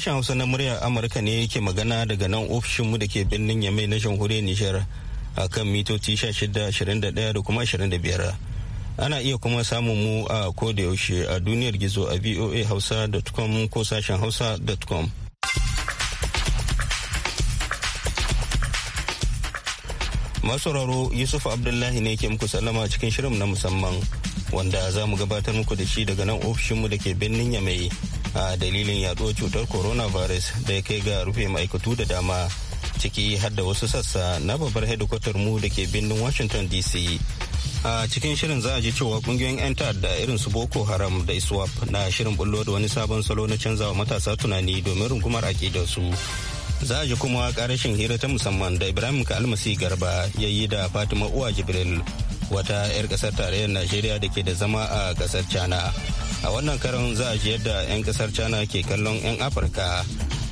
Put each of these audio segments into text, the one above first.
Sashen Hausa na muryar Amurka ne yake magana daga nan ofishinmu da ke birnin Yamai na jamhuriyar Nijar a kan mitoci 1621 da kuma 25. Ana iya kuma samun mu a yaushe a duniyar gizo a voahausa.com ko sashen hausa.com. masauraro yusuf abdullahi ne ke muku sallama cikin shirin na musamman wanda za mu gabatar muku da shi daga nan ofishinmu da ke birnin yamai a dalilin yaduwar cutar coronavirus da ya kai ga rufe ma'aikatu da dama ciki har da wasu sassa na babbar hedikwatar mu da ke birnin washington dc a cikin shirin za a ji cewa ƙungiyoyin 'yan ta'adda irin su boko haram da iswap na shirin bullo da wani sabon salo na canzawa matasa tunani domin rungumar su za a ji kuma karashin hira ta musamman da ibrahim kalmasi garba ya yi da fatima uwa jibril wata 'yar kasar tarayyar najeriya da ke da zama a kasar china a wannan karan za a ji yadda 'yan kasar china ke kallon 'yan afirka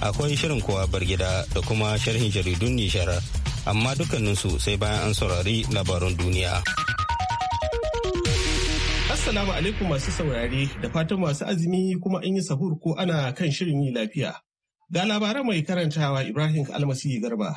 akwai shirin kowa bar gida da kuma sharhin jaridun nishar amma dukkaninsu sai bayan an saurari labarun duniya assalamu alaikum masu saurari da fatan masu azumi kuma an yi sahur ko ana kan shirin yi lafiya ga labaran mai karantawa ibrahim almasi garba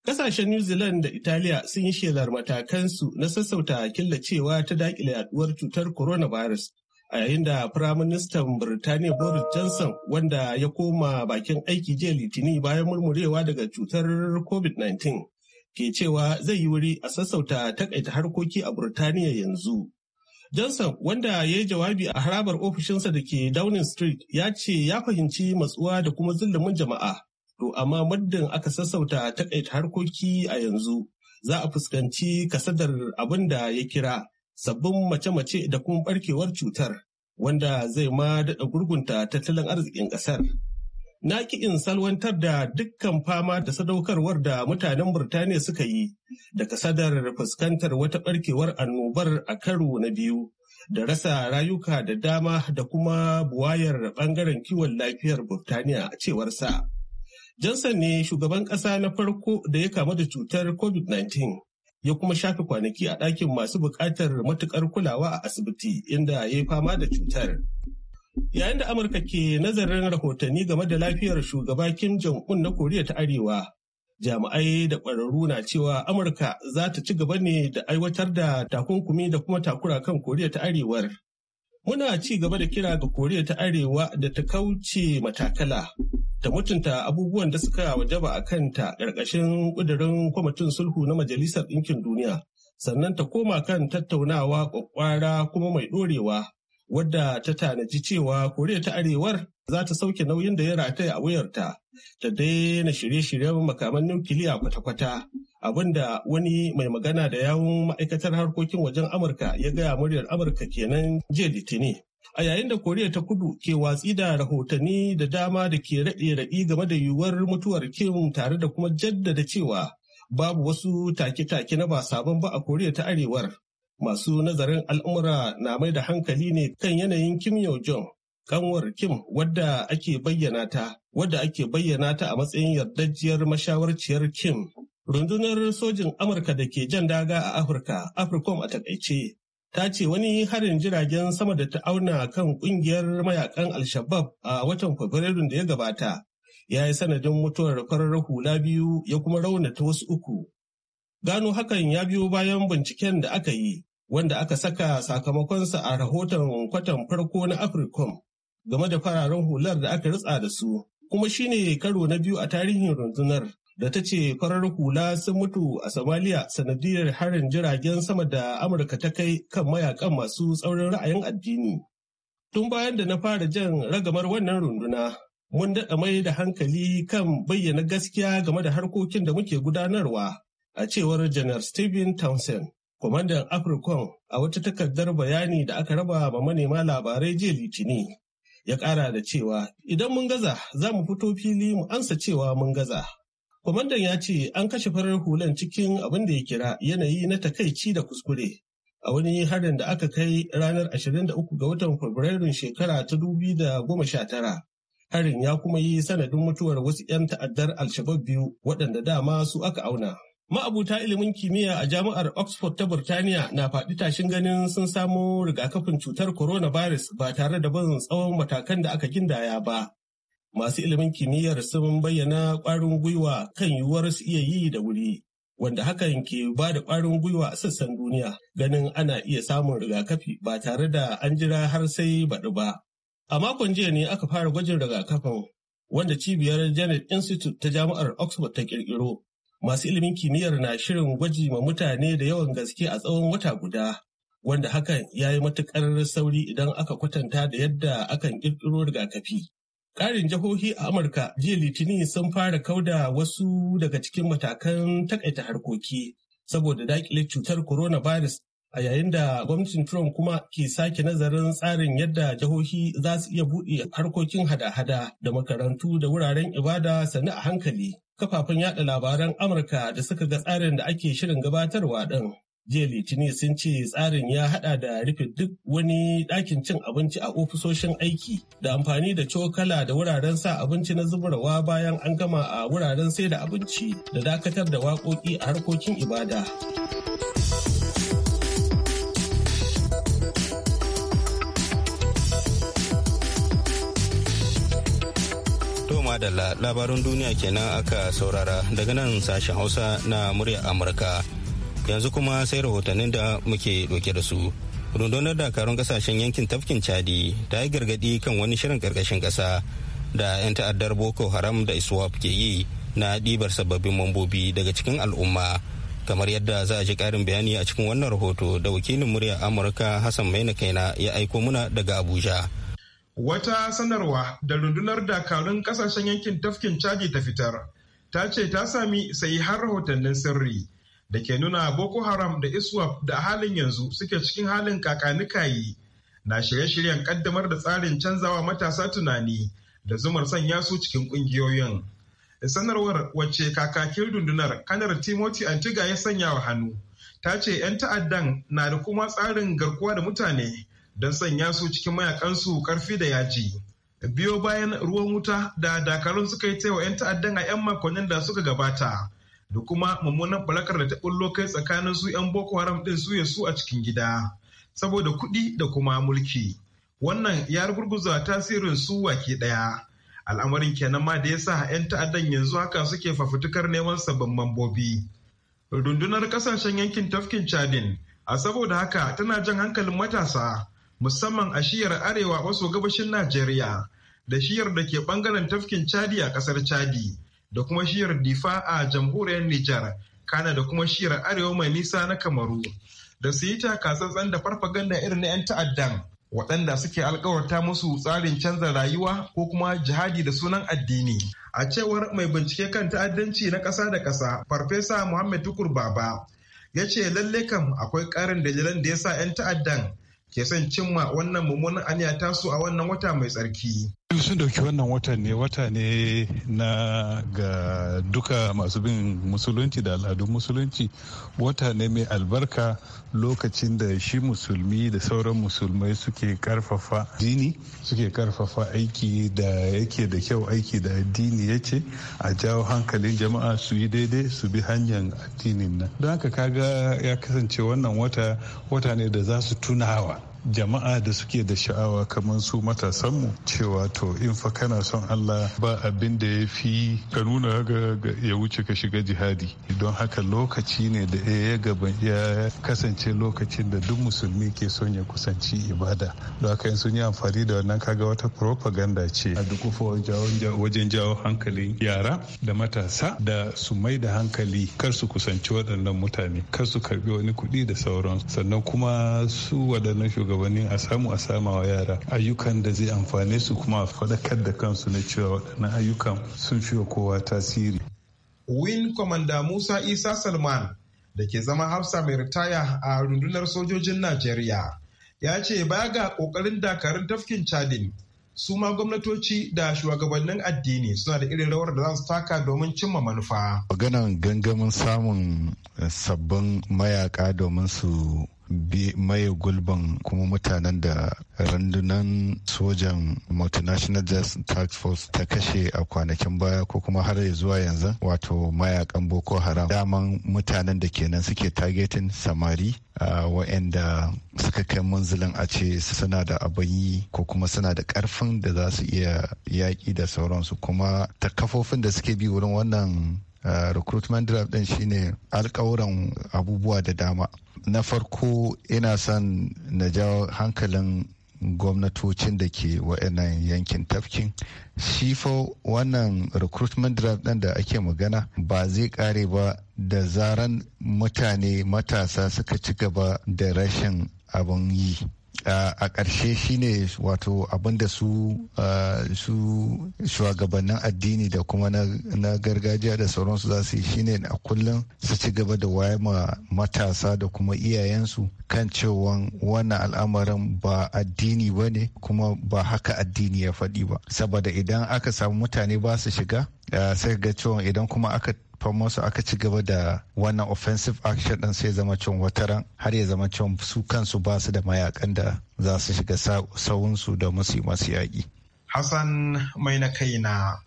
Kasashen New Zealand da Italiya sun yi shelar matakansu na sassauta killacewa ta dakile yaduwar cutar coronavirus a yayin da firaministan birtaniya boris johnson wanda ya koma bakin aiki jiya litini bayan murmurewa daga cutar covid-19 ke cewa zai yi wuri a sassauta takaita harkoki a birtaniya yanzu johnson wanda ya yi jawabi a harabar ofishinsa da ke downing street ya ce ya fahimci matsuwa da kuma zillumin jama'a to amma muddin aka sassauta takaita harkoki a yanzu za a fuskanci kasadar abin da ya kira sabbin mace-mace da kuma barkewar cutar wanda zai ma daɗa gurgunta tattalin arzikin ƙasar. Na ki in salwantar da dukkan fama da sadaukarwar da mutanen Burtaniya suka yi da kasadar fuskantar wata barkewar annobar a karo na biyu da rasa rayuka da dama da kuma buwayar ɓangaren kiwon lafiyar Burtaniya a cewar sa. Johnson ne shugaban ƙasa na farko da ya kamu da cutar COVID-19. ya kuma shafe kwanaki a ɗakin masu buƙatar matuƙar kulawa a asibiti inda ya yi fama da cutar. Yayin da Amurka ke nazarin rahotanni game da lafiyar shugaba Kim Jong-un na Koriya ta Arewa, jami'ai da ƙwararru na cewa Amurka za ta ci gaba ne da aiwatar da takunkumi da kuma takura kan Koriya ta Arewar. Muna ci gaba da kira ga Koriya ta Arewa da ta kauce matakala ta mutunta abubuwan da suka wajaba a kanta ƙarƙashin ƙudurin kwamitin sulhu na Majalisar Ɗinkin Duniya, sannan ta koma kan tattaunawa ƙwaƙwara kuma mai ɗorewa, wadda ta tanaji cewa Koriya ta Arewar za ta sauke nauyin da ya rataya a wuyarta, ta daina shirye-shiryen makaman nukiliya kwata-kwata. abinda wani mai magana da yawun ma'aikatar harkokin wajen amurka ya gaya muryar amurka kenan jiya litinin a yayin da koriya ta kudu ke watsi da rahotanni da dama da ke raɗe-raɗi game da yiwuwar mutuwar kim tare da kuma jaddada cewa babu wasu take-take na ba sabon ba a koriya ta arewar masu nazarin al'umura na mai da hankali ne kan yanayin kim yau jong kanwar kim wadda ake bayyana ta wadda ake bayyana ta a matsayin yardajiyar mashawarciyar kim rundunar sojin amurka da ke jan daga a afirka afirkom a takaice ta ce wani harin jiragen sama da ta auna kan kungiyar mayakan al-shabab a watan fabrairun da ya gabata ya yi sanadin mutuwar farar hula biyu ya kuma raunata wasu uku gano hakan ya biyo bayan binciken da aka yi wanda aka saka sakamakonsa a rahoton kwatan farko na africom game da fararen hular da aka ritsa da su kuma shine karo na biyu a tarihin rundunar da ta ce farar hula sun mutu a Somalia sanadiyar harin jiragen sama da Amurka ta kai kan mayakan masu tsaurin ra'ayin addini. Tun bayan da na fara jan ragamar wannan runduna, mun daɗa mai da hankali kan bayyana gaskiya game da harkokin da muke gudanarwa, a cewar Janar Stephen Townsend, kwamandan afrikan a wata takardar bayani da aka raba ma manema labarai jiya Litini. Ya ƙara da cewa, idan mun gaza, za mu fito fili mu ansa cewa mun gaza. Kwamandan ya ce an kashe farar hulan cikin abin da ya kira yanayi na takaici da kuskure. A wani harin da aka kai ranar 23 ga watan Fabrairun shekara ta sha tara, Harin ya kuma yi sanadin mutuwar wasu 'yan ta'addar Alshabab biyu waɗanda dama su aka auna. Ma'abuta ilimin kimiyya a jami'ar Oxford ta Burtaniya na faɗi tashin ganin sun samo rigakafin cutar coronavirus ba tare da bin tsawon matakan da aka gindaya ba. masu ilimin kimiyyar sun bayyana ƙwarin gwiwa kan yiwuwar su iya yi da wuri wanda hakan ke ba da ƙwarin gwiwa a sassan duniya ganin ana iya samun rigakafi ba tare da an jira har sai baɗi ba. A makon jiya ne aka fara gwajin rigakafin wanda cibiyar Janet Institute ta jami'ar Oxford ta ƙirƙiro. Masu ilimin kimiyyar na shirin gwaji ma mutane da yawan gaske a tsawon wata guda. Wanda hakan ya yi matuƙar sauri idan aka kwatanta da yadda akan ƙirƙiro rigakafi. Ƙarin jihohi a Amurka jiya Litinin sun fara kauda wasu daga cikin matakan takaita harkoki saboda daƙile cutar coronavirus a yayin da gwamnatin Trump kuma ke sake nazarin tsarin yadda jihohi za su iya buɗe harkokin hada-hada da makarantu da wuraren ibada sannu a hankali. Kafafen yada labaran Amurka da suka ga tsarin da ake shirin gabatarwa ɗin jiya litinin sun ce tsarin ya hada da rufe duk wani ɗakin cin abinci a ofisoshin aiki da amfani da cokala da wuraren sa abinci na zubarwa bayan an gama a wuraren sai da abinci da dakatar da waƙoƙi a harkokin ibada. da labarun duniya kenan aka saurara daga nan sashen hausa na muryar amurka yanzu kuma sai rahotannin da muke ɗauke da su rundunar dakarun kasashen yankin tafkin chadi ta yi gargadi kan wani shirin karkashin ƙasa da 'yan ta'addar boko haram da iswap ke yi na ɗibar sababbin mambobi daga cikin al'umma kamar yadda za a ji ƙarin bayani a cikin wannan rahoto da wakilin murya amurka hassan maina kaina ya aiko muna daga abuja wata sanarwa da rundunar dakarun kasashen yankin tafkin chadi ta fitar ta ce ta sami sai har rahotannin sirri da ke nuna Boko Haram da ISWAP da halin yanzu suke cikin halin kakanikayi na shirye-shiryen kaddamar da tsarin canzawa matasa tunani da zumar sanya su cikin kungiyoyin. Sanarwar wacce kakakin rundunar kanar Timothy Antiga ya sanya wa hannu ta ce 'yan ta'addan na da kuma tsarin garkuwa da mutane don sanya su cikin mayakansu karfi da yaji. Biyo bayan ruwan wuta da dakarun suka yi wa 'yan ta'addan a 'yan makonnin da suka gabata. da kuma mummunan balakar da ta bullo kai tsakanin su 'yan boko haram din su ya su a cikin gida saboda kuɗi da kuma mulki wannan ya rugurguza tasirin su wake ɗaya al'amarin kenan ma da ya sa 'yan ta'addan yanzu haka suke fafutukar neman sabbin mambobi rundunar kasashen yankin tafkin chadin a saboda haka tana jan hankalin matasa musamman a shiyar arewa maso gabashin najeriya da shiyar da ke bangaren tafkin chadi a kasar chadi da kuma shiyar difa a jamhuriyar Nijar, kana da kuma shiyar arewa mai nisa na Kamaru. Da su yi takatsantsan da farfaganda irin na 'yan ta'addan waɗanda suke alkawarta musu tsarin canza rayuwa ko kuma jihadi da sunan addini. A cewar mai bincike kan ta'addanci na ƙasa da ƙasa, Farfesa Muhammad Tukur Baba, ya ce lalle kam akwai ƙarin dalilan da ya sa 'yan ta'addan ke son cimma wannan mummunan aniya tasu a wannan wata mai tsarki. sun dauki wannan wata ne wata ne na ga duka masu bin musulunci da al'adun musulunci wata ne mai albarka lokacin da shi musulmi da sauran musulmai suke karfafa dini suke karfafa aiki da yake da kyau aiki da addini ya ce a jawo hankalin jama'a su yi daidai su bi hanyar addinin nan don haka kaga ya kasance wannan wata wata ne da za su tunawa jama'a da suke da sha'awa kamar su matasanmu cewa to in fa kana son Allah ba abin da ya fi ka nuna ga ya wuce ka shiga jihadi don haka lokaci ne da ya gaban ya kasance lokacin da duk musulmi ke son ya kusanci ibada don haka sun yi amfani da wannan kaga wata propaganda ce a duk wajen jawo hankalin yara da matasa da su mai da hankali kar su kusanci waɗannan mutane kar su karbi wani kuɗi da sauran sannan kuma su waɗannan shugabannin a samu a sama wa yara ayyukan da zai amfane su kuma a faɗakar da kansu na cewa waɗannan ayyukan sun fi kowa tasiri. Win Kwamanda Musa Isa Salman da ke zama hafsa mai ritaya a rundunar sojojin Najeriya ya ce baya ga ƙoƙarin dakarun tafkin Chadin su ma gwamnatoci da shugabannin addini suna da irin rawar da za su taka domin cimma manufa. Maganan gangamin samun sabbin mayaka domin su mai gulban kuma mutanen da randunan sojan multinational death task force ta kashe a kwanakin baya ko kuma har zuwa yanzu wato mayakan boko haram daman mutanen da kenan suke targetin samari wa'anda suka kai munzulin a ce suna da abin yi ko kuma suna da karfin da za su iya yaƙi da sauransu kuma ta kafofin da suke bi wurin wannan Eh, recruitment draft din shine alkawuran abubuwa da dama na farko ina son na jawo hankalin gwamnatocin da ke wa'annan yankin tafkin shi fa wannan recruitment draft ɗin da ake magana ba zai kare ba da zaran mutane matasa suka ci gaba da rashin abin yi a ƙarshe shine wato abinda su shugabannin addini da kuma na gargajiya da sauransu za su yi shine a kullum su ci gaba da waye ma matasa da kuma iyayensu kan cewa wannan al'amarin ba addini ba ne kuma ba haka addini ya faɗi ba saboda idan aka samu mutane ba su shiga sai ga cewa idan kuma aka famosa aka ci gaba da wannan offensive action din sai zama cin wataran har ya zama cin su kansu ba su da mayakan da za su shiga sauwunsu da musu masu yaƙi. Hassan mai na kaina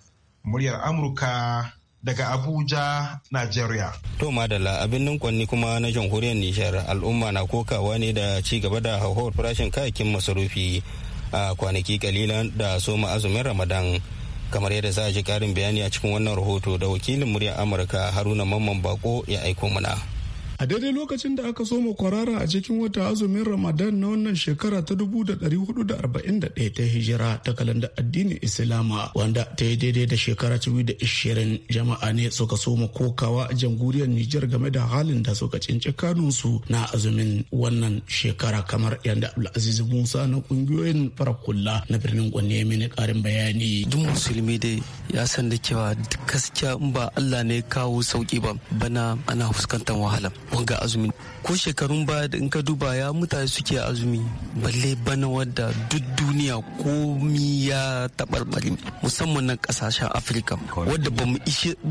muryar Amurka daga Abuja, Najeriya. To madala abin ninkwanni kuma na jamhuriyar Nijar al'umma na kokawa ne da ci gaba da hauhawar farashin kayayyakin masarufi a kwanaki kalilan da soma azumin Ramadan. kamar yadda za a ji karin bayani a cikin wannan rahoto da wakilin muryar amurka haruna mamman bako ya aiko mana a daidai lokacin da aka soma kwarara a cikin wata azumin ramadan na wannan shekara ta 1441 ta hijira ta kalanda addinin islama wanda ta yi daidai da shekara ishirin jama'a ne suka soma kokawa a jamhuriyar nijar game da halin da suka cinci kanunsu na azumin wannan shekara kamar yadda abdulaziz musa na kungiyoyin farakulla na birnin gwanne ya mini karin bayani duk musulmi dai ya san da cewa gaskiya in ba allah ne kawo sauki ba bana ana fuskantar wahala ga azumin. ko shekarun baya da in ka duba ya mutane suke azumi balle bana wadda duk duniya komi ya taɓarɓare musamman na ƙasashen afirka wadda ba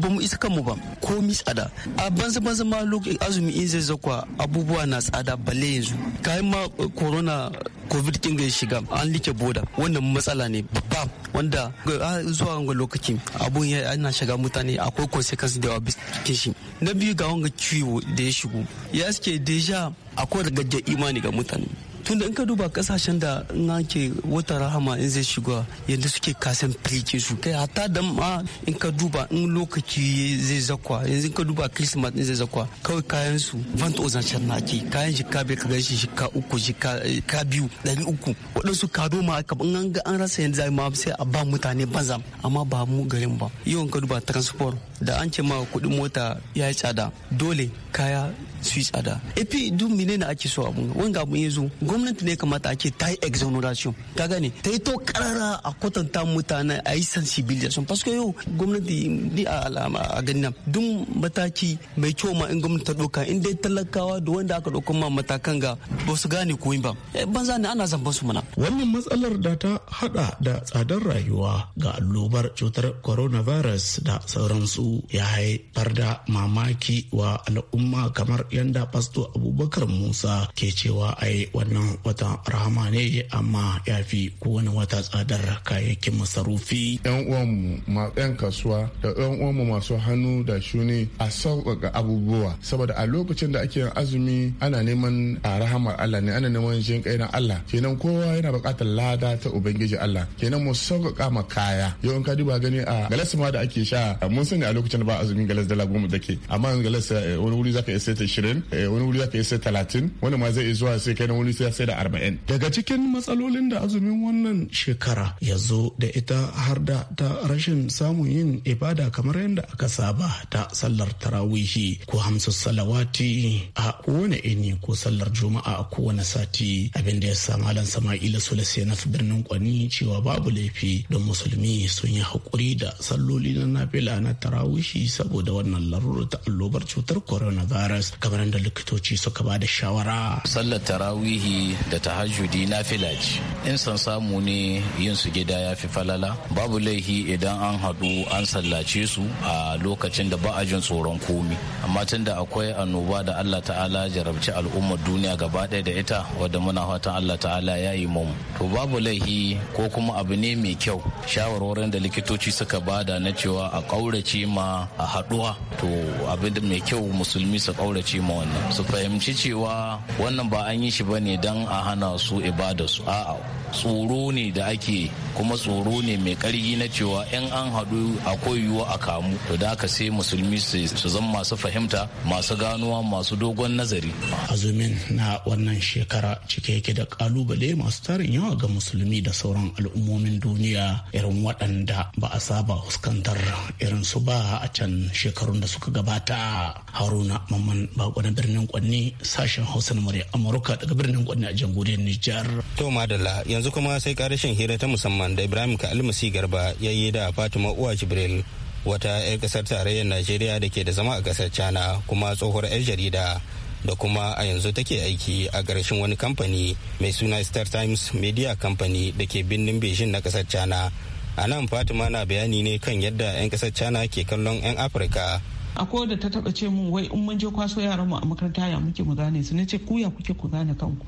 mu isa kanmu ba komi tsada a banza banza ma lokacin azumi in zai zakwa abubuwa na tsada balle yanzu kayan ma eh, corona covid din ga shiga an like boda wannan matsala ne babba wanda ah, zuwa wanga lokacin abun ya ana shiga mutane akwai consequence da yawa biskin shi na biyu ga wanga ciwo da ya shigo ya suke deja akwai ragajjar imani ga mutane tunda in ka duba kasashen da na ke wata rahama in zai shiga yadda suke kasan firke su kai hata da ma in ka duba in lokaci zai zakwa yanzu in ka duba christmas in zai zakwa kawai kayan su van to na ke kayan shi kabe ka gashi ka uku shi ka eh, biyu dari uku waɗansu kado ma ka in an ga an rasa yanzu zai ma sai a ba mutane banza amma ba mu garin ba in ka duba transport da an ce ma kuɗin mota ya yi tsada dole kaya su yi tsada et puis duk na ake so abu wanga mun ya gwamnati ne kamata ake ta yi exoneration ka gane ta yi to karara a kwatanta mutane a yi sensibilisation parce que yau gwamnati ni a alama a nan duk mataki mai kyau ma in gwamnati ta doka in dai talakawa da wanda aka doka ma matakan ga ba su gane koyi ba eh, banza ne ana zamban su mana wannan matsalar da ta hada da tsadar rayuwa ga allobar cutar coronavirus da sauransu ya haifar da mamaki wa al'umma kamar yanda pasto abubakar musa ke cewa ai wannan wata rahama ne amma ya fi kowane wata tsadar kayayyakin masarufi yan uwanmu ma yan kasuwa da yan uwanmu masu hannu da shuni a sauƙaƙa abubuwa saboda a lokacin da ake yin azumi ana neman a rahamar Allah ne ana neman jin kai na Allah kenan kowa yana buƙatar lada ta ubangiji Allah kenan mu sauƙaƙa ma kaya yau in ka duba gani a galas ma da ake sha mun sani a lokacin da ba azumi galas dala mu take amma galas eh, wani wuri zaka iya sai ta ashirin eh, wani wuri zaka ka talatin wani ma zai zuwa sai kai na wani sai da arba'in. daga cikin matsalolin da azumin wannan shekara ya zo da ita har da ta rashin samun yin ibada kamar yadda aka saba ta sallar tarawihi ko hamsu salawati a kowane ini ko sallar juma'a a kowane sati abin da ya sa malam sama'ila sulasi na birnin kwani cewa babu laifi don musulmi sun yi hakuri da salloli na nafila na tarawihi saboda wannan larura ta allobar cutar coronavirus labaran da likitoci suka ba da shawara. Sallar tarawihi da tahajjudi na filaji. In san samu ne yin su gida ya fi falala. Babu laihi idan an haɗu an sallace su a lokacin da ba a jin tsoron komi. Amma tun da akwai annoba da Allah ta'ala jarabci al'ummar duniya gaba ɗaya da ita wadda muna fatan Allah ta'ala ya yi mamu. To babu laihi ko kuma abu ne mai kyau. Shawarwarin da likitoci suka bada na cewa a ƙaurace ma a haɗuwa. To abin da mai kyau musulmi su ƙaurace ma wannan su fahimci cewa wannan ba an yi shi ba ne don a hana su ibada su a'a tsoro ne da ake kuma tsoro ne mai ƙarfi na cewa in an haɗu akwai yiwuwa a kamu to da aka sai musulmi su zama masu fahimta masu ganuwa masu dogon nazari azumin na wannan shekara cike yake da kalubale masu tarin yawa ga musulmi da sauran al'ummomin duniya irin waɗanda ba a saba fuskantar irin su ba a can shekarun da suka gabata haruna mamman bako na birnin kwanne sashen hausa na murya amurka daga birnin kwanne a jamhuriyar nijar to madalla yanzu kuma sai karashin hira ta musamman da ibrahim ka almasi garba ya yi da fatima uwa jibril wata 'yar kasar tarayyar najeriya da ke da zama a kasar cana kuma tsohuwar 'yar jarida da kuma a yanzu take aiki a ƙarshen wani kamfani mai suna star times media company da ke birnin beijing na kasar cana a nan fatima na bayani ne kan yadda 'yan kasar cana ke kallon 'yan afirka a akwai da ta taba ce mun wai in mun je kwaso yaran mu a makaranta ya muke mu gane su nace ku ya kuke ku gane kanku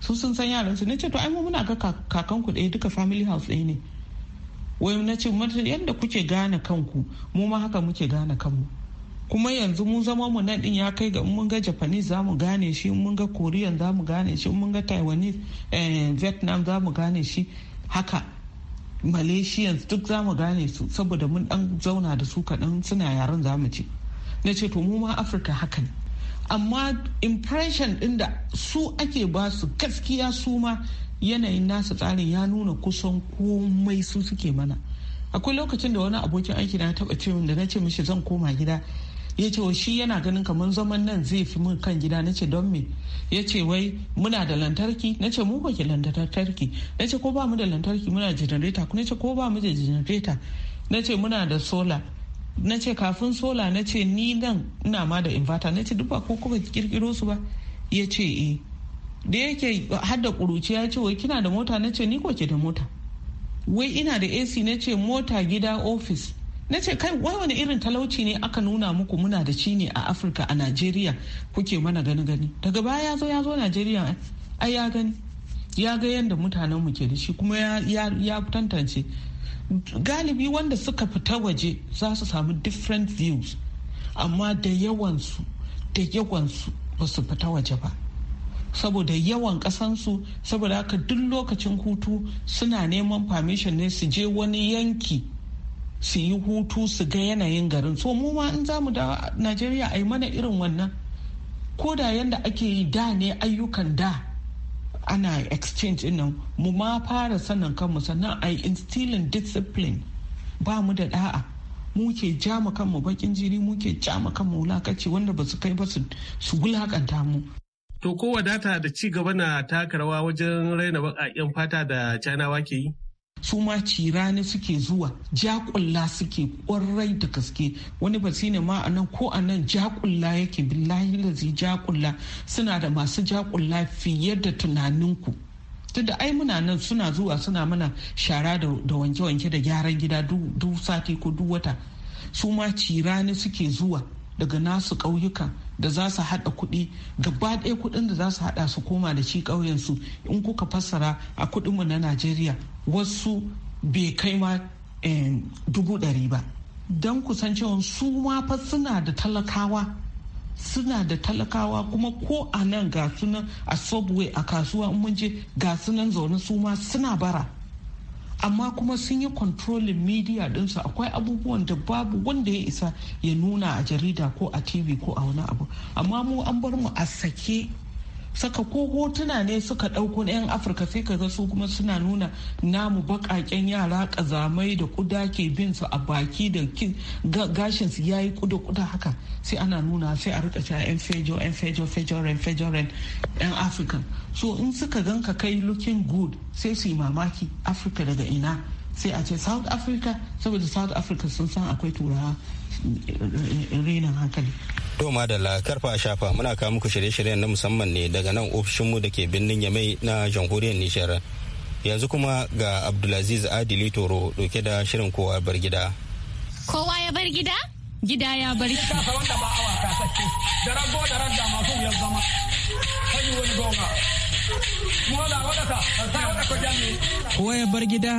su sun san yaran su nace to ai mu muna ga kakanku ku ɗaya duka family house ɗaya ne wai nace mata yadda kuke gane kanku mu ma haka muke gane kanmu kuma yanzu mu zama mu nan din ya kai ga mun ga japanese za mu gane shi mun ga korean za mu gane shi mun ga taiwanese eh, vietnam za mu gane shi haka malaysians duk za mu gane su saboda mun dan zauna da su kaɗan suna yaren zamu ce na ce to mu ma afirka haka ne amma impression ɗin da su ake ba su gaskiya su ma yanayin nasa tsarin ya nuna kusan komai su suke mana akwai lokacin da wani abokin aiki na taɓa ce da na ce mishi zan koma gida ya ce shi yana ganin kamar zaman nan zai fi mun kan gida na ce don me ya ce wai muna da lantarki na ce mu baki lantarki na ce ko ba mu da lantarki muna janareta na ce ko ba mu da janareta na ce muna da sola na ce kafin sola na ce ni nan ina ma da invata na ce duk ba ko kuka kirkiro su ba ya ce eh da yake hada kuruci ya ce wai kina da mota na ce ni ko ke da mota wai ina da ac na ce mota gida ofis na ce kai wai wani irin talauci ne aka nuna muku muna da shi ne a afirka a najeriya kuke mana gani gani daga baya ya zo ya zo najeriya ai ya gani ya ga yadda mutanen mu ke da shi kuma ya tantance galibi wanda suka fita waje za su samu different views amma da yawansu da yawansu ba su fita waje ba saboda yawan kasansu saboda haka duk lokacin hutu suna neman permission ne su je wani yanki su yi hutu su ga yanayin garin so mu ma in zamu da najeriya a yi mana irin wannan ko da yadda ake yi da ne ayyukan da ana exchange nan mu ma fara sanin kanmu sannan a yi instilling discipline ba mu da da'a mu ke mu kanmu bakin jiri mu ke mu kanmu wulakaci wanda ba su kai ba su wulakanta mu To ko wadata da ci gaba na taka rawa wajen raina baƙaƙen fata da canawa ke yi? su ma cirani suke zuwa jakulla suke kwarai da gaske wani ne ma a nan ko a nan jakulla yake billahi zai jakulla suna da masu jakulla fiye da tunaninku tunda ai muna nan suna zuwa suna mana shara da wanke-wanke da gyaran gida duk sati ko duk wata su ma cirani suke zuwa daga nasu ƙauyukan da za su haɗa kuɗi gaba ɗaya kuɗin da za su haɗa su koma da shi ƙauyensu in kuka fassara a kuɗinmu na najeriya wasu bai kai ma eh, dubu ɗari ba don kusancewa su ma fa suna da talakawa suna da talakawa kuma ko a nan ga sunan a subway a kasuwa in mun je ga sunan zaune su ma suna bara amma kuma sun yi controlling media dinsu akwai abubuwan da babu wanda ya isa ya nuna a jarida ko a tv ko a wani abu amma mu an bar mu a sake saka ko hotuna ne suka ɗauko na 'yan afirka sai ka ga su kuma suna nuna namu baƙaƙen yara ƙazamai da ƙuda ke bin su a baki da gashin su yayi ƙuda ƙuda haka sai ana nuna sai a rika cewa 'yan fejo 'yan fejo fejo ren fejo ren 'yan afirka so in suka ganka kai looking good sai su yi mamaki afirka daga ina sai a ce south africa saboda south africa sun san akwai turawa eh, renin hankali to madalla karfa a shafa muna kawo muku shirye-shiryen na musamman ne daga nan ofishinmu da ke birnin yamai na jamhuriyar nishar yanzu kuma ga abdulaziz adili toro doke da shirin kowa bar gida kowa ya bar gida gida ya bar gida Kowa ya bar gida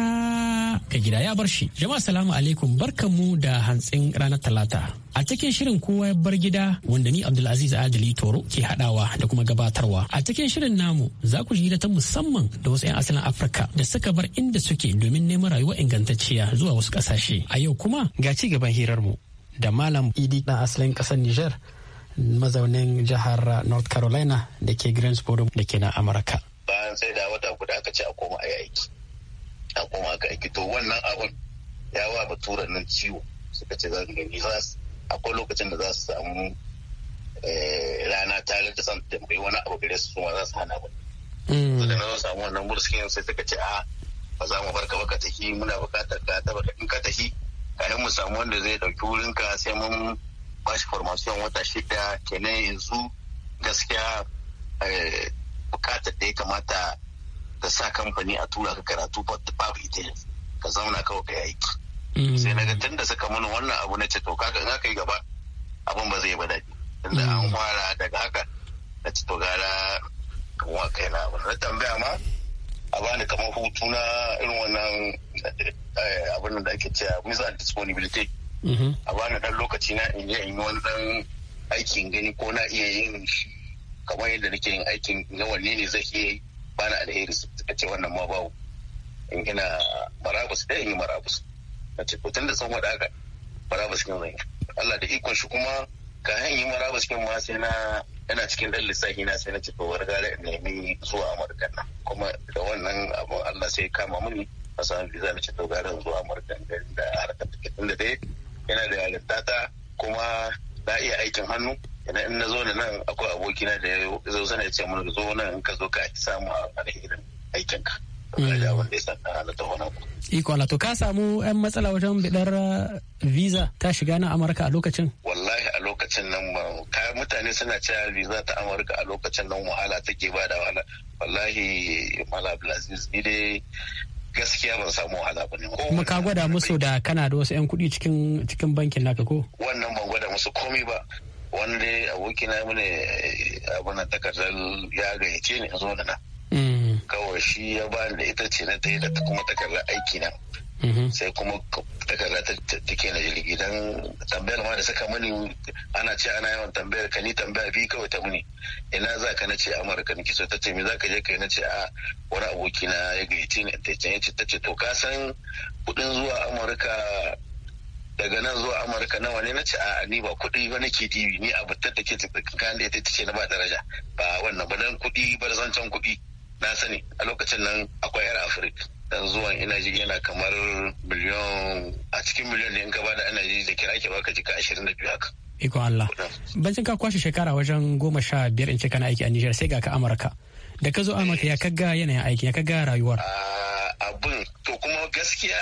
ka gida ya bar shi. Jama'a salamu alaikum barkamu da hantsin ranar talata. A cikin shirin kowa ya bar gida wanda ni Abdulaziz Adili Toro ke haɗawa da kuma gabatarwa. A cikin shirin namu za ku ji ta musamman da wasu 'yan asalin Afirka da suka bar inda suke domin neman rayuwa ingantacciya zuwa wasu kasashe. A yau kuma ga ci gaban hirar mu da Malam Idi na asalin ƙasar Nijar mazaunin jihar north carolina da ke greensboro da ke na amurka bayan sai da wata guda aka ce a koma a aiki a koma aka aiki to wannan abun ya wa baturan nan ciwo suka ce za su gani akwai lokacin da za su samu eh, rana tare da san tambayi wani abu gare su ma za su hana ba mm. da na samu wannan burskin sai suka ce a ah, ba za mu barka baka tafi muna bukatar ka ta in ka tafi kayan mu samu wanda zai ɗauki wurin ka sai mun Bashi formation wata shida kenan yanzu gaskiya eh, bukatar da ya kamata da sa kamfani a tura ka karatu babu ita ka zauna kawai ka aiki mm. sai na ga tun da suka mana wannan abu na ce to kaga in aka yi gaba abin ba zai ba daɗi tunda an mm. fara daga haka na ci to gara kuma na abu na tambaya ma a bani kamar hutu na irin wannan eh, eh, abin da ake cewa mizal disponibility Mm-hmm. a bani dan lokaci na in yi wani dan aikin gani ko na iya yin shi kamar yadda nake yin aikin na wanne ne zai iya yi na alheri su suka ce wannan ma babu in gina marabus da eh, in yi marabus na ce tun da sun wada haka marabus kin zai Allah da ikon shi kuma ka hanyar yi marabus kin ma sai na yana cikin dan lissafi na sai na ce to da in nemi zuwa Amurka na kuma da wannan abun Allah sai kama mini a samu visa na ce to gara zuwa Amurka da harkar tikitin da dai yana da halittata kuma na iya aikin hannu ina in na zo da nan akwai abokina da ya zo sana ya ce mun zo nan in ka zo ka samu a irin aikinka. Iko Allah, to ka samu 'yan matsala wajen bidar uh, visa ta shiga na Amurka a lokacin? Wallahi a lokacin nan ba, mutane suna cewa visa ta Amurka a lokacin nan wahala take ba da wahala. Wallahi Mala Abdulaziz ni dai gaskiya ban samu wahala ba ne. Kuma ka gwada musu da kana da wasu 'yan kuɗi cikin cikin bankin naka ko? Wannan ban gwada musu komai ba. Wani dai aboki na mune eh, abu takardar ya gayyace ni a zo da na. Mm. Kawai shi ya bani da ita ce na ta yi da kuma takardar aiki na. Mm-hmm. sai kuma takarda ta take na jirgi don tambayar ma da saka mani ana ce ana yawan tambayar ka ni tambaya bi kawai ta muni ina za ka nace amurka ni kiso ta ce mi za ka je kai nace a ah, wani aboki na ya gaji ni ta ce ta ce to ka san kudin zuwa amurka daga nan zuwa amurka nawa ne nace a ni ba kudi ba nake dibi ni a abu da ke tsakanin da ita ce na ba daraja ba wannan ba dan kudi da zancen kudi na sani a lokacin nan akwai yar afirka yanzu zuwan ina ji yana kamar biliyon a cikin miliyon ne in ka bada ana da kira ke baka jika ashirin da biyu haka. Iko Allah. Bancin ka kwashe shekara wajen goma sha biyar in ce kana aiki a Nijar sai ga ka Amurka. Da ka zo Amurka ya kaga yanayin aiki ya kaga rayuwar. abin to kuma gaskiya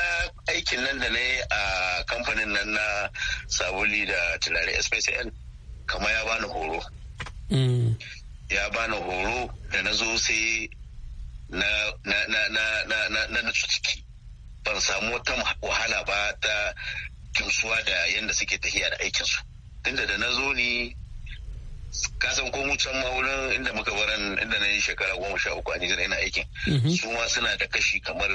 aikin nan da na yi a kamfanin nan na sabuli da turare SPCN kama ya bani horo. Mm. Ya bani horo da na zo sai na na ciki ban samu wata wahala ba ta kimsuwa da yadda suke tafiya da aikinsu tunda da na zo ni ka ko mu can inda muka baran inda na yi shekara goma sha uku a Nijar ina aikin mhm. su ma suna da kashi kamar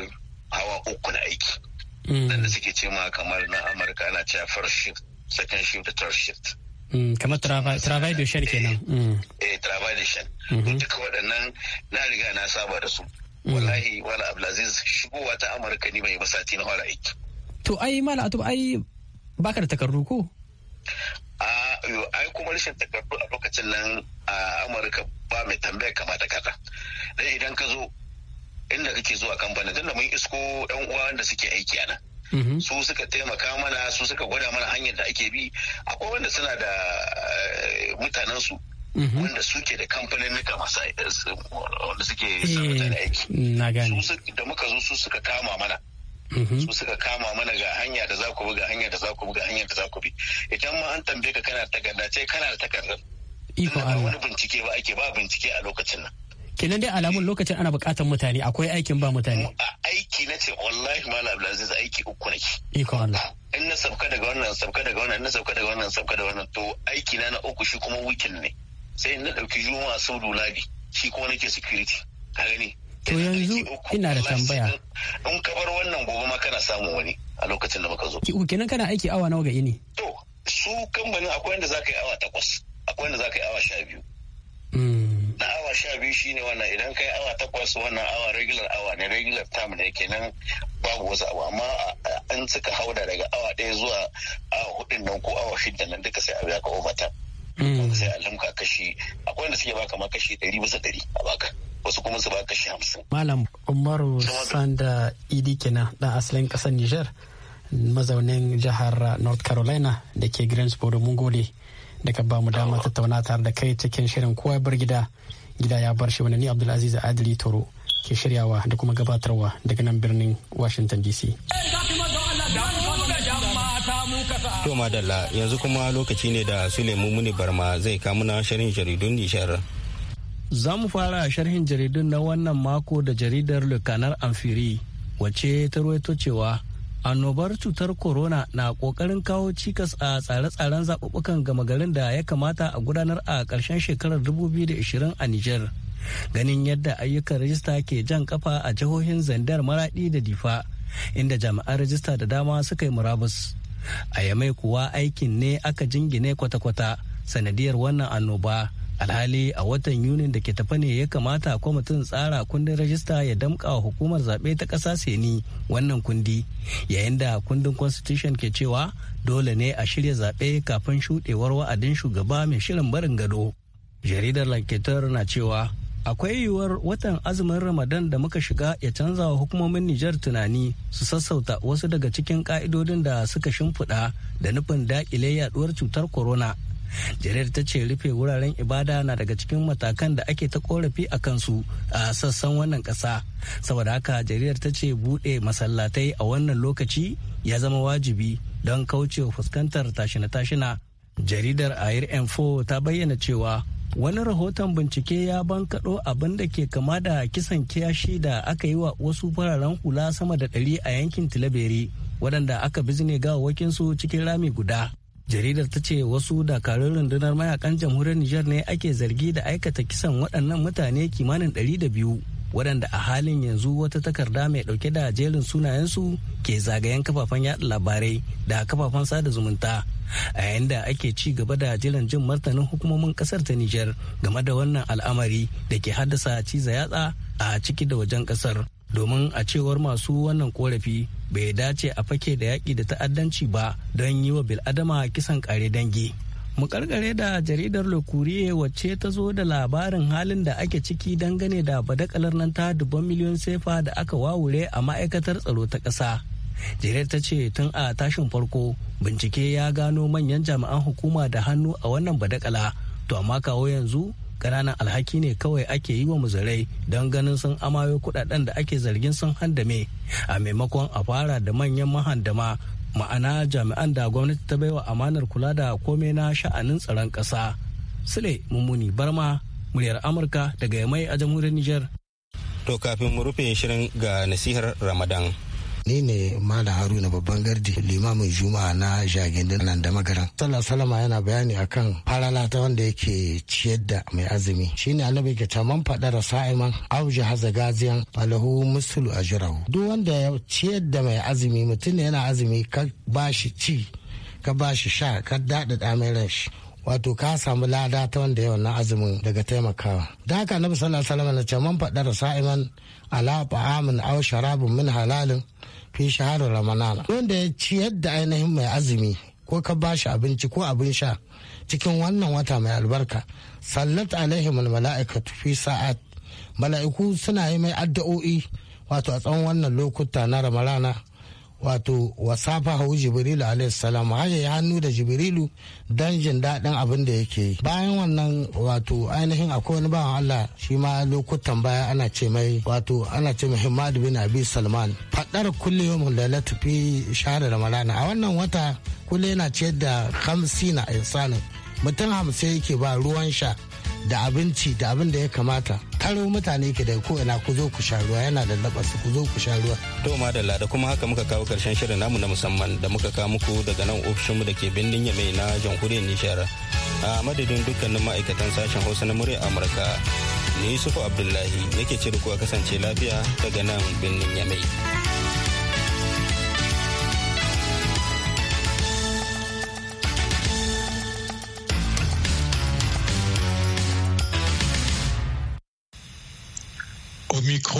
hawa uku na aiki mhm. nan da suke ce ma kamar na Amurka ana cewa first shift second shift da third shift Mm, kamar travail de shan kenan eh, mm. eh travail de shell mm-hmm. duka waɗannan na riga na saba da su mm. wallahi wala ablaziz shigowa ta amurka ni bai ba sati na hora aiki to ai mala atub ai baka da takardu ko a ai kuma rashin takardu a lokacin nan a amurka ba mai tambaya kamata kaza dan idan ka zo inda kake zuwa kamfanin tunda mun isko yan uwa da suke aiki a nan Mm-hmm. su suka taimaka mana su suka gwada mana hanyar da ake bi akwai wanda suna da eh, mutanensu mm-hmm. wanda suke da kamfanin nika masu eh, wanda suke eh, mutane aiki da muka zo su suka kama mana mm-hmm. su suka kama mana ga hanya da za ku bi ga hanya da za ku bi ga hanya da za ku bi idan ma an tambaye ka kana takarda ce kana da takardar Ina ba wani bincike ba ake ba bincike a lokacin nan. kenan dai alamun lokacin ana bukatar mutane akwai aikin ba mutane aiki na ce wallahi malam abdulaziz aiki uku nake iko Allah in na sabka daga wannan sabka daga wannan in na sabka daga wannan sabka daga wannan to aiki na na uku shi kuma weekend ne sai na dauki juma'a sau bi shi kuma nake security ka gani to yanzu ina da tambaya in ka bar wannan gobe ma kana samun wani a lokacin da baka zo kenan kana aiki awa nawa ga ini to su kamfanin akwai za zaka yi awa takwas akwai za zaka yi awa sha biyu hmm. na awa sha biyu shine wannan idan kai awa takwas wannan awa regular awa ne regular time ne kenan babu wasu abu amma an suka hauda daga awa ɗaya zuwa awa hudun nan ko awa shidda nan duka sai abu ya ka overtime mm. sai a lamka kashi akwai wanda suke baka ma kashi ɗari bisa ɗari a baka wasu kuma su baka kashi hamsin. malam umaru sanda idi kenan na asalin ƙasar niger mazaunin jihar north carolina da ke greensboro mun gode. da ka bamu dama tattauna tare da kai cikin shirin kowa bar gida gida ya bar shi wani ni abdulaziz adili toro ke shiryawa da kuma gabatarwa daga nan birnin washington dc to madalla yanzu kuma lokaci ne da sulemu muni barma zai kamuna shirin jaridun nishar za mu fara sharhin jaridun na wannan mako da jaridar lukanar amfiri wace ta ruwaito cewa annobar cutar corona na kokarin kawo cikas a tsare-tsaren zaɓuɓɓukan gama garin da ya kamata a gudanar a ƙarshen shekarar 2020 a Nijar. Ganin yadda ayyukan rajista ke jan kafa a jihohin Zandar Maraɗi da Difa, inda jami'an rajista da dama suka yi murabus. A Yamai kuwa aikin ne aka jingine kwata-kwata sanadiyar wannan annoba alhali a watan yunin da ke tafa ne ya kamata kwamitin tsara kundin rajista ya damƙa wa hukumar zaɓe ta ƙasa seni wannan kundi yayin da kundin constitution ke cewa dole ne a shirya zaɓe kafin shuɗewar wa'adin shugaba mai shirin barin gado jaridar lanketar na cewa akwai yiwuwar watan azumin ramadan da muka shiga ya canza wa hukumomin nijar tunani su sassauta wasu daga cikin ka'idodin da suka shimfiɗa da nufin daƙile yaduwar cutar corona jaridar ta ce rufe wuraren ibada na daga cikin matakan da ake ta korafi a kansu a sassan wannan ƙasa saboda haka jaridar ta ce buɗe masallatai a wannan lokaci ya zama wajibi don kauce fuskantar tashina-tashina jaridar air m4 ta bayyana cewa wani rahoton bincike ya bankaɗo abin da ke kama da kisan kiyashi da aka yi wa wasu fararen hula sama da ɗari a yankin tilaberi waɗanda aka bizne gawawakinsu cikin rami guda jaridar ta ce wasu dakarun rundunar mayakan jamhuriyar Nijar ne ake zargi da aikata kisan waɗannan mutane kimanin 200 waɗanda a halin yanzu wata takarda mai ɗauke da jerin sunayensu ke zagayen kafafen yaɗa labarai da kafafen sada zumunta a yayin da ake ci gaba da jiran jin martanin hukumomin ƙasar ta Nijar game da wannan al'amari da ke haddasa ciza yatsa a ciki da wajen ƙasar. domin a cewar masu wannan korafi bai dace a fake da yaƙi da ta'addanci ba don yi wa bil'adama kisan kare dangi mu ƙarƙare da jaridar lokuriye wacce ta zo da labarin halin da ake ciki dangane da badakalar nan ta dubban miliyon sefa da aka wawure a ma'aikatar tsaro ta ƙasa jirar ta ce tun a tashin farko bincike ya gano manyan jami'an hukuma da hannu a wannan badakala to amma kawo yanzu ƙananan alhaki ne kawai ake yi wa muzarai don ganin sun amayo kuɗaɗen da ake zargin sun handame a maimakon a fara da manyan mahandama ma'ana jami'an da gwamnati ta baiwa amanar kula da kome na sha'anin tsaron ƙasa sule mummuni barma muryar amurka daga yamai a jamhuriyar niger to kafin mu rufe shirin ga nasihar ramadan Ni ne Malam Haruna babban gardi limamin Juma'a na Jagindin nan da magaran. Sallah salama yana bayani akan farala ta wanda yake ciyar da mai azumi. Shine annabi ke taman da sa'iman auji haza gaziyan falahu musulu ajrahu. Duk wanda ya ciyar da mai azumi mutum ne yana azumi ka ba shi ci ka ba shi sha ka daɗaɗa mai ran wato ka samu lada ta wanda yawan na azumin daga taimakawa da haka na sallallahu na ce man faɗa da sa'iman ala ta'amin au sharabin min halalin fi shaharar ramadana wanda ya ciyar da ainihin mai azumi ko ka ba shi abinci ko abin sha cikin wannan wata mai albarka sallat alaihim malaika fi sa'at mala'iku suna yi mai addu'o'i wato a tsawon wannan lokuta na ramalana wato wasafa hau jibrilu alayhi salam har ya hannu da jibrilu don jin daɗin abin da yake yi bayan wannan wato ainihin akwai wani bawan allah shi ma lokutan baya ana ce mai wato ana ce muhammad bin abi salman faɗar kulle yau da latafi shahara Marana a wannan wata kulle yana ciyar da hamsina insanin mutum hamsin yake ba ruwan sha da abinci da abin da ya kamata taro mutane ke da ko ina ku zo ku sha ruwa yana da labasu ku zo ku sha ruwa to madalla da kuma haka muka kawo karshen shirin namu na musamman da muka kawo muku daga nan ofishin mu da ke birnin yamai na jamhuriyar nishara a madadin dukkanin ma'aikatan sashen hausa na murya amurka ni yusufu abdullahi nake ce ku kasance lafiya daga nan birnin yamai